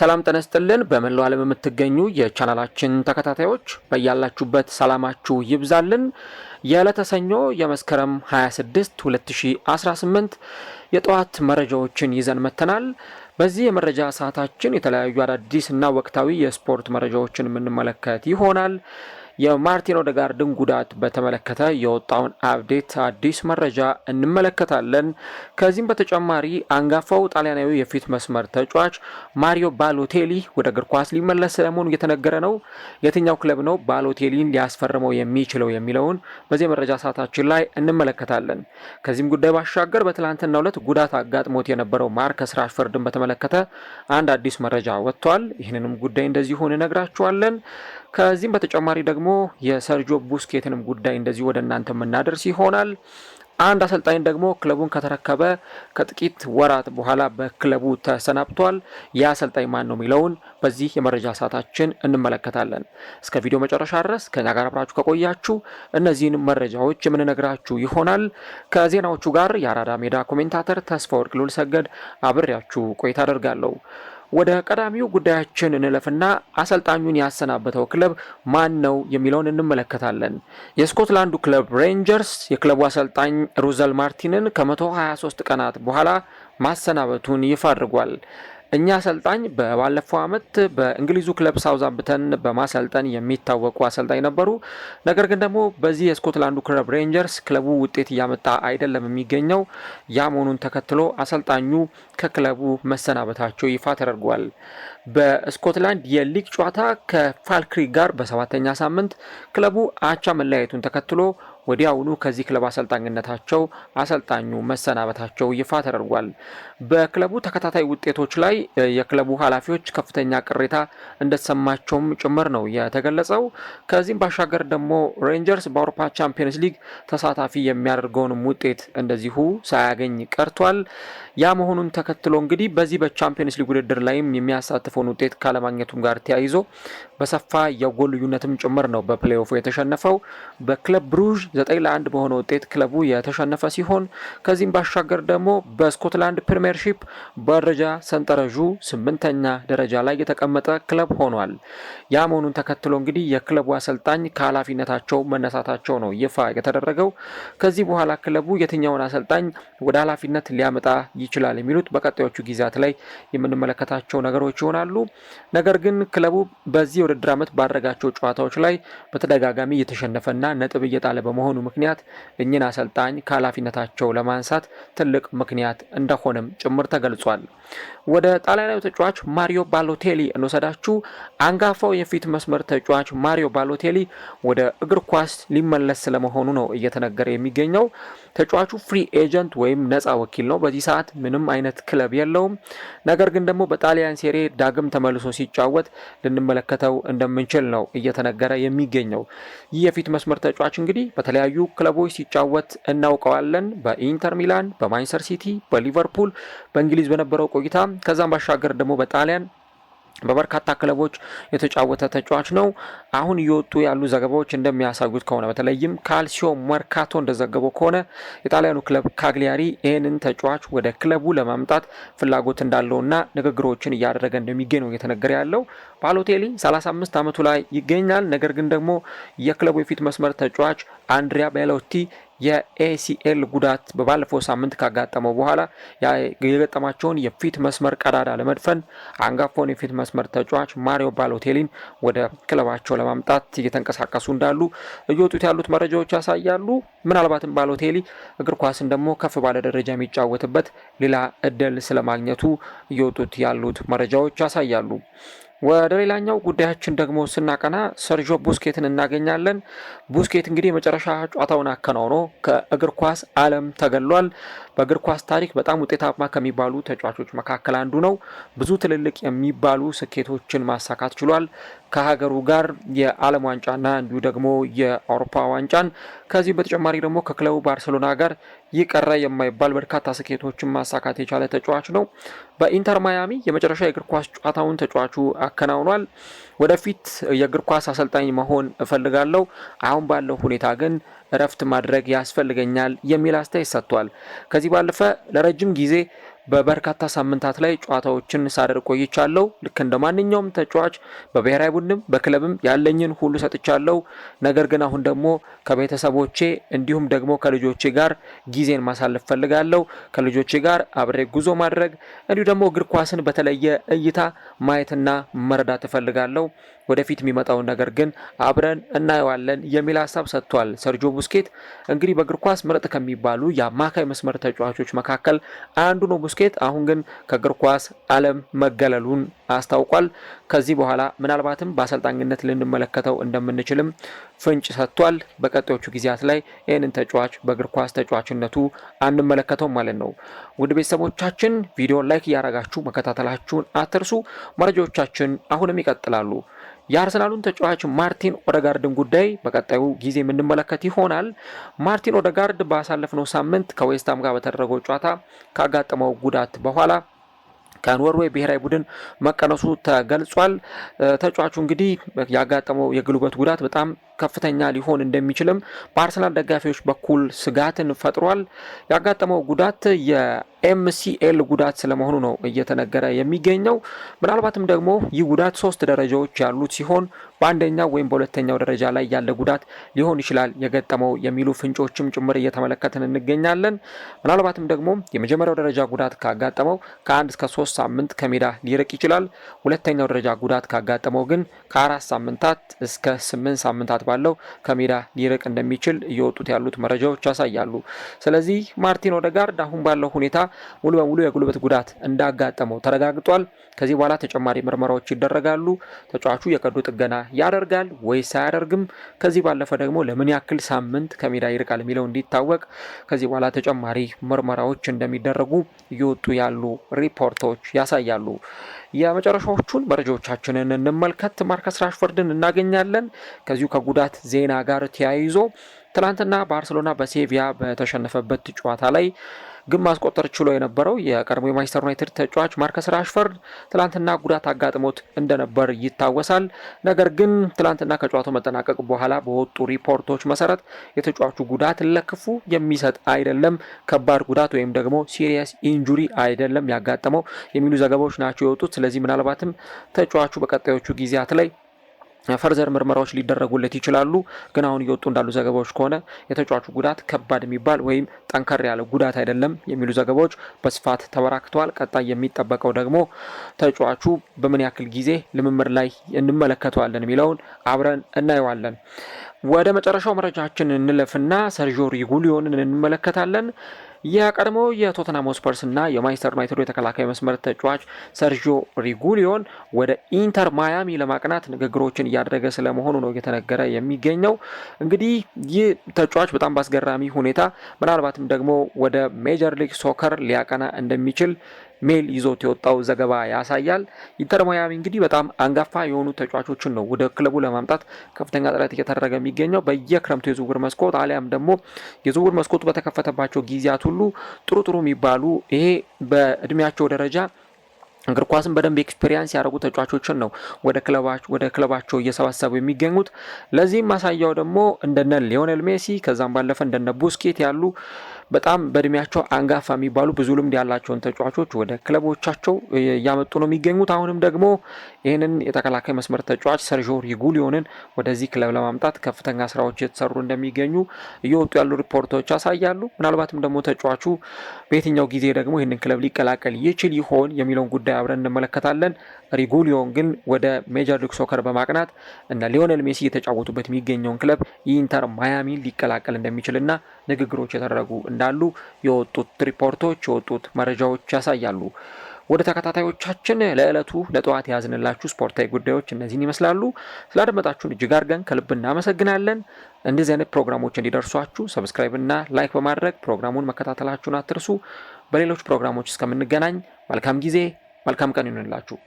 ሰላም ጠነስጥልን በመላው ዓለም የምትገኙ የቻናላችን ተከታታዮች በያላችሁበት ሰላማችሁ ይብዛልን። የዕለተ ሰኞ የመስከረም 26 2018 የጠዋት መረጃዎችን ይዘን መጥተናል። በዚህ የመረጃ ሰዓታችን የተለያዩ አዳዲስ እና ወቅታዊ የስፖርት መረጃዎችን የምንመለከት ይሆናል። የማርቲን ኦዴጋርድን ጉዳት በተመለከተ የወጣውን አብዴት አዲስ መረጃ እንመለከታለን። ከዚህም በተጨማሪ አንጋፋው ጣሊያናዊ የፊት መስመር ተጫዋች ማሪዮ ባሎቴሊ ወደ እግር ኳስ ሊመለስ ስለመሆኑ እየተነገረ ነው። የትኛው ክለብ ነው ባሎቴሊን ሊያስፈርመው የሚችለው የሚለውን በዚህ መረጃ ሰዓታችን ላይ እንመለከታለን። ከዚህም ጉዳይ ባሻገር በትላንትናው ዕለት ጉዳት አጋጥሞት የነበረው ማርከስ ራሽፈርድን በተመለከተ አንድ አዲስ መረጃ ወጥቷል። ይህንንም ጉዳይ እንደዚሁ እንነግራችኋለን። ከዚህም በተጨማሪ ደግሞ ደግሞ የሰርጆ ቡስኬትንም ጉዳይ እንደዚሁ ወደ እናንተ የምናደርስ ይሆናል። አንድ አሰልጣኝ ደግሞ ክለቡን ከተረከበ ከጥቂት ወራት በኋላ በክለቡ ተሰናብቷል። ያ አሰልጣኝ ማን ነው የሚለውን በዚህ የመረጃ ሰዓታችን እንመለከታለን። እስከ ቪዲዮ መጨረሻ ድረስ ከኛ ጋር አብራችሁ ከቆያችሁ እነዚህን መረጃዎች የምንነግራችሁ ይሆናል። ከዜናዎቹ ጋር የአራዳ ሜዳ ኮሜንታተር ተስፋ ወርቅ ልዑል ሰገድ አብሬያችሁ ቆይታ አደርጋለሁ። ወደ ቀዳሚው ጉዳያችን እንለፍና አሰልጣኙን ያሰናበተው ክለብ ማን ነው የሚለውን እንመለከታለን። የስኮትላንዱ ክለብ ሬንጀርስ የክለቡ አሰልጣኝ ሩዘል ማርቲንን ከ123 ቀናት በኋላ ማሰናበቱን ይፋ አድርጓል። እኛ አሰልጣኝ በባለፈው አመት በእንግሊዙ ክለብ ሳውዛምፕተን በማሰልጠን የሚታወቁ አሰልጣኝ ነበሩ። ነገር ግን ደግሞ በዚህ የስኮትላንዱ ክለብ ሬንጀርስ ክለቡ ውጤት እያመጣ አይደለም የሚገኘው። ያ መሆኑን ተከትሎ አሰልጣኙ ከክለቡ መሰናበታቸው ይፋ ተደርጓል። በስኮትላንድ የሊግ ጨዋታ ከፋልክሪ ጋር በሰባተኛ ሳምንት ክለቡ አቻ መለያየቱን ተከትሎ ወዲያውኑ ከዚህ ክለብ አሰልጣኝነታቸው አሰልጣኙ መሰናበታቸው ይፋ ተደርጓል። በክለቡ ተከታታይ ውጤቶች ላይ የክለቡ ኃላፊዎች ከፍተኛ ቅሬታ እንደተሰማቸውም ጭምር ነው የተገለጸው። ከዚህም ባሻገር ደግሞ ሬንጀርስ በአውሮፓ ቻምፒየንስ ሊግ ተሳታፊ የሚያደርገውንም ውጤት እንደዚሁ ሳያገኝ ቀርቷል። ያ መሆኑን ተከትሎ እንግዲህ በዚህ በቻምፒየንስ ሊግ ውድድር ላይም የሚያሳትፈውን ውጤት ካለማግኘቱም ጋር ተያይዞ በሰፋ የጎል ልዩነትም ጭምር ነው በፕሌይኦፉ የተሸነፈው በክለብ ብሩዥ ዘጠኝ ለአንድ በሆነ ውጤት ክለቡ የተሸነፈ ሲሆን ከዚህም ባሻገር ደግሞ በስኮትላንድ ፕሪምየርሺፕ በደረጃ ሰንጠረዡ ስምንተኛ ደረጃ ላይ የተቀመጠ ክለብ ሆኗል። ያ መሆኑን ተከትሎ እንግዲህ የክለቡ አሰልጣኝ ከኃላፊነታቸው መነሳታቸው ነው ይፋ የተደረገው። ከዚህ በኋላ ክለቡ የትኛውን አሰልጣኝ ወደ ኃላፊነት ሊያመጣ ይችላል የሚሉት በቀጣዮቹ ጊዜያት ላይ የምንመለከታቸው ነገሮች ይሆናሉ። ነገር ግን ክለቡ በዚህ የውድድር ዓመት ባደረጋቸው ጨዋታዎች ላይ በተደጋጋሚ እየተሸነፈና ነጥብ እየጣለ በመሆ በመሆኑ ምክንያት እኚህን አሰልጣኝ ከኃላፊነታቸው ለማንሳት ትልቅ ምክንያት እንደሆነም ጭምር ተገልጿል። ወደ ጣሊያናዊ ተጫዋች ማሪዮ ባሎቴሊ እንወሰዳችሁ። አንጋፋው የፊት መስመር ተጫዋች ማሪዮ ባሎቴሊ ወደ እግር ኳስ ሊመለስ ስለመሆኑ ነው እየተነገረ የሚገኘው። ተጫዋቹ ፍሪ ኤጀንት ወይም ነፃ ወኪል ነው። በዚህ ሰዓት ምንም አይነት ክለብ የለውም። ነገር ግን ደግሞ በጣሊያን ሴሬ ዳግም ተመልሶ ሲጫወት ልንመለከተው እንደምንችል ነው እየተነገረ የሚገኘው። ይህ የፊት መስመር ተጫዋች እንግዲህ በተለያዩ ክለቦች ሲጫወት እናውቀዋለን። በኢንተር ሚላን፣ በማንቸስተር ሲቲ፣ በሊቨርፑል፣ በእንግሊዝ በነበረው ቆይታ ከዛም ባሻገር ደግሞ በጣሊያን በበርካታ ክለቦች የተጫወተ ተጫዋች ነው። አሁን እየወጡ ያሉ ዘገባዎች እንደሚያሳዩት ከሆነ በተለይም ካልሲዮ መርካቶ እንደዘገበው ከሆነ የጣሊያኑ ክለብ ካግሊያሪ ይህንን ተጫዋች ወደ ክለቡ ለማምጣት ፍላጎት እንዳለውና ንግግሮችን እያደረገ እንደሚገኝ ነው እየተነገረ ያለው። ባሎቴሊ 35 ዓመቱ ላይ ይገኛል። ነገር ግን ደግሞ የክለቡ የፊት መስመር ተጫዋች አንድሪያ ቤሎቲ የኤሲኤል ጉዳት በባለፈው ሳምንት ካጋጠመው በኋላ የገጠማቸውን የፊት መስመር ቀዳዳ ለመድፈን አንጋፋውን የፊት መስመር ተጫዋች ማሪዮ ባሎቴሊን ወደ ክለባቸው ለማምጣት እየተንቀሳቀሱ እንዳሉ እየወጡት ያሉት መረጃዎች ያሳያሉ። ምናልባትም ባሎቴሊ እግር ኳስን ደግሞ ከፍ ባለ ደረጃ የሚጫወትበት ሌላ እድል ስለማግኘቱ እየወጡት ያሉት መረጃዎች ያሳያሉ። ወደ ሌላኛው ጉዳያችን ደግሞ ስናቀና ሰርጆ ቡስኬትን እናገኛለን። ቡስኬት እንግዲህ የመጨረሻ ጨዋታውን አከናውኖ ከእግር ኳስ ዓለም ተገሏል። በእግር ኳስ ታሪክ በጣም ውጤታማ ከሚባሉ ተጫዋቾች መካከል አንዱ ነው። ብዙ ትልልቅ የሚባሉ ስኬቶችን ማሳካት ችሏል። ከሀገሩ ጋር የዓለም ዋንጫና እንዲሁ ደግሞ የአውሮፓ ዋንጫን ከዚህ በተጨማሪ ደግሞ ከክለቡ ባርሴሎና ጋር ይቀረ የማይባል በርካታ ስኬቶችን ማሳካት የቻለ ተጫዋች ነው። በኢንተር ማያሚ የመጨረሻ የእግር ኳስ ጨዋታውን ተጫዋቹ አከናውኗል። ወደፊት የእግር ኳስ አሰልጣኝ መሆን እፈልጋለሁ፣ አሁን ባለው ሁኔታ ግን እረፍት ማድረግ ያስፈልገኛል የሚል አስተያየት ሰጥቷል። ከዚህ ባለፈ ለረጅም ጊዜ በበርካታ ሳምንታት ላይ ጨዋታዎችን ሳደርግ ቆይቻለሁ። ልክ እንደ ማንኛውም ተጫዋች በብሔራዊ ቡድንም በክለብም ያለኝን ሁሉ ሰጥቻለሁ። ነገር ግን አሁን ደግሞ ከቤተሰቦቼ እንዲሁም ደግሞ ከልጆቼ ጋር ጊዜን ማሳለፍ ፈልጋለሁ። ከልጆቼ ጋር አብሬ ጉዞ ማድረግ እንዲሁ ደግሞ እግር ኳስን በተለየ እይታ ማየትና መረዳት እፈልጋለሁ። ወደፊት የሚመጣውን ነገር ግን አብረን እናየዋለን የሚል ሀሳብ ሰጥቷል። ሰርጆ ቡስኬት እንግዲህ በእግር ኳስ ምርጥ ከሚባሉ የአማካይ መስመር ተጫዋቾች መካከል አንዱ ነው ቡስኬት። አሁን ግን ከእግር ኳስ ዓለም መገለሉን አስታውቋል። ከዚህ በኋላ ምናልባትም በአሰልጣኝነት ልንመለከተው እንደምንችልም ፍንጭ ሰጥቷል። በቀጣዮቹ ጊዜያት ላይ ይህንን ተጫዋች በእግር ኳስ ተጫዋችነቱ አንመለከተውም ማለት ነው። ውድ ቤተሰቦቻችን ቪዲዮን ላይክ እያረጋችሁ መከታተላችሁን አትርሱ። መረጃዎቻችን አሁንም ይቀጥላሉ። የአርሰናሉን ተጫዋች ማርቲን ኦደጋርድን ጉዳይ በቀጣዩ ጊዜ የምንመለከት ይሆናል። ማርቲን ኦደጋርድ ባሳለፍነው ሳምንት ከዌስትሃም ጋር በተደረገው ጨዋታ ካጋጠመው ጉዳት በኋላ ከኖርዌይ ብሔራዊ ቡድን መቀነሱ ተገልጿል። ተጫዋቹ እንግዲህ ያጋጠመው የጉልበት ጉዳት በጣም ከፍተኛ ሊሆን እንደሚችልም በአርሰናል ደጋፊዎች በኩል ስጋትን ፈጥሯል። ያጋጠመው ጉዳት የኤምሲኤል ጉዳት ስለመሆኑ ነው እየተነገረ የሚገኘው። ምናልባትም ደግሞ ይህ ጉዳት ሶስት ደረጃዎች ያሉት ሲሆን በአንደኛው ወይም በሁለተኛው ደረጃ ላይ ያለ ጉዳት ሊሆን ይችላል የገጠመው የሚሉ ፍንጮችም ጭምር እየተመለከትን እንገኛለን። ምናልባትም ደግሞ የመጀመሪያው ደረጃ ጉዳት ካጋጠመው ከአንድ እስከ ሶስት ለሶስት ሳምንት ከሜዳ ሊርቅ ይችላል። ሁለተኛው ደረጃ ጉዳት ካጋጠመው ግን ከአራት ሳምንታት እስከ ስምንት ሳምንታት ባለው ከሜዳ ሊርቅ እንደሚችል እየወጡት ያሉት መረጃዎች ያሳያሉ። ስለዚህ ማርቲን ኦዴጋርድ አሁን ባለው ሁኔታ ሙሉ በሙሉ የጉልበት ጉዳት እንዳጋጠመው ተረጋግጧል። ከዚህ በኋላ ተጨማሪ ምርመራዎች ይደረጋሉ። ተጫዋቹ የቀዶ ጥገና ያደርጋል ወይስ አያደርግም? ከዚህ ባለፈ ደግሞ ለምን ያክል ሳምንት ከሜዳ ይርቃል የሚለው እንዲታወቅ ከዚህ በኋላ ተጨማሪ ምርመራዎች እንደሚደረጉ እየወጡ ያሉ ሪፖርቶች መረጃዎች ያሳያሉ። የመጨረሻዎቹን መረጃዎቻችንን እንመልከት። ማርከስ ራሽፎርድን እናገኛለን። ከዚሁ ከጉዳት ዜና ጋር ተያይዞ ትናንትና ባርሰሎና በሴቪያ በተሸነፈበት ጨዋታ ላይ ግን ማስቆጠር ችሎ የነበረው የቀድሞ የማንቸስተር ዩናይትድ ተጫዋች ማርከስ ራሽፈርድ ትላንትና ጉዳት አጋጥሞት እንደነበር ይታወሳል። ነገር ግን ትላንትና ከጨዋታው መጠናቀቅ በኋላ በወጡ ሪፖርቶች መሰረት የተጫዋቹ ጉዳት ለክፉ የሚሰጥ አይደለም፣ ከባድ ጉዳት ወይም ደግሞ ሲሪየስ ኢንጁሪ አይደለም ያጋጠመው የሚሉ ዘገባዎች ናቸው የወጡት። ስለዚህ ምናልባትም ተጫዋቹ በቀጣዮቹ ጊዜያት ላይ ፈርዘር ምርመራዎች ሊደረጉለት ይችላሉ። ግን አሁን እየወጡ እንዳሉ ዘገባዎች ከሆነ የተጫዋቹ ጉዳት ከባድ የሚባል ወይም ጠንከር ያለ ጉዳት አይደለም የሚሉ ዘገባዎች በስፋት ተበራክተዋል። ቀጣይ የሚጠበቀው ደግሞ ተጫዋቹ በምን ያክል ጊዜ ልምምድ ላይ እንመለከተዋለን የሚለውን አብረን እናየዋለን። ወደ መጨረሻው መረጃችን እንለፍና ሰርጆ ሪጉሊዮንን እንመለከታለን። የቀድሞ የቶተናም ስፐርስና የማንቸስተር ዩናይትዱ የተከላካይ መስመር ተጫዋች ሰርጂዮ ሪጉሊዮን ወደ ኢንተር ማያሚ ለማቅናት ንግግሮችን እያደረገ ስለመሆኑ ነው እየተነገረ የሚገኘው። እንግዲህ ይህ ተጫዋች በጣም በአስገራሚ ሁኔታ ምናልባትም ደግሞ ወደ ሜጀር ሊግ ሶከር ሊያቀና እንደሚችል ሜል ይዞት የወጣው ዘገባ ያሳያል። ኢንተር ማያሚ እንግዲህ በጣም አንጋፋ የሆኑ ተጫዋቾችን ነው ወደ ክለቡ ለማምጣት ከፍተኛ ጥረት እየተደረገ የሚገኘው በየክረምቱ የዝውውር መስኮት አሊያም ደግሞ የዝውውር መስኮቱ በተከፈተባቸው ጊዜያቱ ሁሉ ጥሩ ጥሩ የሚባሉ ይሄ በእድሜያቸው ደረጃ እግር ኳስን በደንብ ኤክስፔሪንስ ያደረጉ ተጫዋቾችን ነው ወደ ክለባቸው እየሰባሰቡ የሚገኙት። ለዚህም ማሳያው ደግሞ እንደነ ሊዮኔል ሜሲ ከዛም ባለፈ እንደነ ቡስኬት ያሉ በጣም በእድሜያቸው አንጋፋ የሚባሉ ብዙ ልምድ ያላቸውን ተጫዋቾች ወደ ክለቦቻቸው እያመጡ ነው የሚገኙት። አሁንም ደግሞ ይህንን የተከላካይ መስመር ተጫዋች ሰርዦ ሪጉሊዮንን ወደዚህ ክለብ ለማምጣት ከፍተኛ ስራዎች የተሰሩ እንደሚገኙ እየወጡ ያሉ ሪፖርቶች ያሳያሉ። ምናልባትም ደግሞ ተጫዋቹ በየትኛው ጊዜ ደግሞ ይህንን ክለብ ሊቀላቀል ይችል ይሆን የሚለውን ጉዳይ አብረን እንመለከታለን። ሪጉሊዮን ግን ወደ ሜጀር ሊግ ሶከር በማቅናት እነ ሊዮኔል ሜሲ የተጫወቱበት የሚገኘውን ክለብ ኢንተር ማያሚን ሊቀላቀል እንደሚችልና ንግግሮች የተደረጉ እንዳሉ የወጡት ሪፖርቶች የወጡት መረጃዎች ያሳያሉ። ወደ ተከታታዮቻችን ለዕለቱ ለጠዋት የያዝንላችሁ ስፖርታዊ ጉዳዮች እነዚህን ይመስላሉ። ስላደመጣችሁን እጅግ አድርገን ከልብ እናመሰግናለን። እንደዚህ አይነት ፕሮግራሞች እንዲደርሷችሁ ሰብስክራይብ እና ላይክ በማድረግ ፕሮግራሙን መከታተላችሁን አትርሱ። በሌሎች ፕሮግራሞች እስከምንገናኝ መልካም ጊዜ፣ መልካም ቀን ይሁንላችሁ።